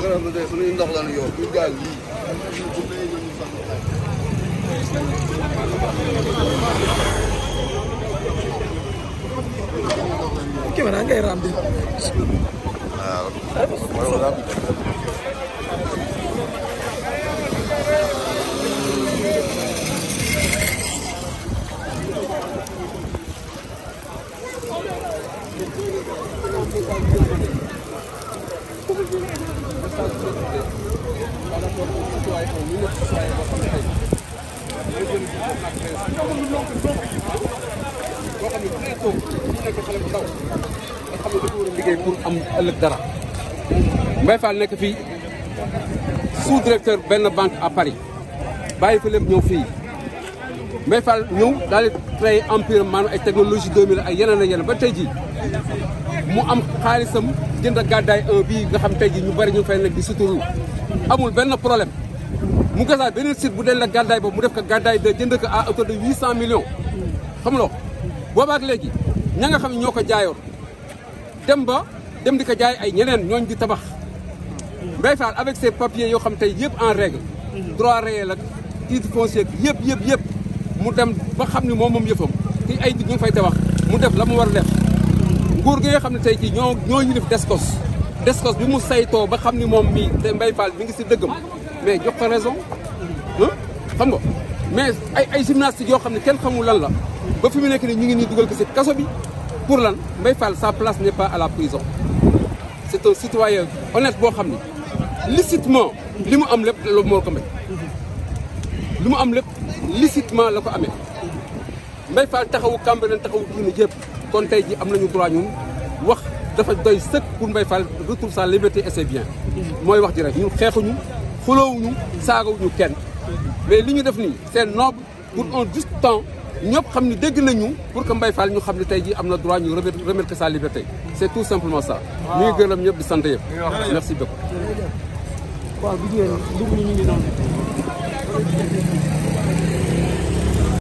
ma gën a tuddee suñuy ndox la ñu yor du gaal lii. caméra ngay raam di. waaw. Thank you. pour am ëllëg dara Mbaye Fall nekk fii sous-directeur benn banque à Paris bàyyi fa lépp ñëw fii Mbaye Fall ñëw daal di créé empire maanaam ay technologie 2000 ak yeneen yeneen ba tey mu am xaalisam jënd gàddaay un bii nga xam tey ji ñu bari ñu fay nekk di suturu amul benn problème mu gasaat beneen site bu del na gàddaay boobu mu def ka gàddaay de jënd ko à hauteur de huit cent millions xam loo boobaak léegi ña nga xam ne ñoo ko jaayoon dem ba dem di ko jaay ay ñeneen ñooñ di tabax Mbaye Fall avec ses papiers yoo xam tey yëpp en règle droit réel ak titre foncier yëpp yëpp yëpp mu dem ba xam ne moom moom yëfam ci ay nit ñu fay tabax mu def la mu war a nguur gi nga xam ne tey jii ñoo ñoo ñu def descos descos bi mu saytoo ba xam ni moom mii te Mbaye Fall mi ngi si dëggam mais jox ko raison xam nga mais ay ay gymnastique yoo xam ne kenn xamul lan la ba fi mu nekk nii ñu ngi nii dugal ko si kaso bi pour lan Mbaye Fall sa place n'est pas à la prison c'est un citoyen honnête boo xam ne licitement li mu am lépp loolu moo ko li mu am lépp licitement la ko amee Mbaye Fall taxawu Cambérène taxawu diine yëpp kon tey ji am nañu droit ñun wax dafa doy sëkk pour Mbaye Fall retrouve sa liberté et ses biens mooy wax ji rek ñu xeexuñu xuloowuñu saagawuñu kenn mais li ñu def nii c'est noble pour un juste temps ñëpp xam ni dégg nañu pour que mbay faal ñu xam ne tey jii am na droit ñu remettre sa liberté c'est tout simplement ça ñu ngi gërëm ñëpp di sant yëpp merci beaucoup waaw bi ngeen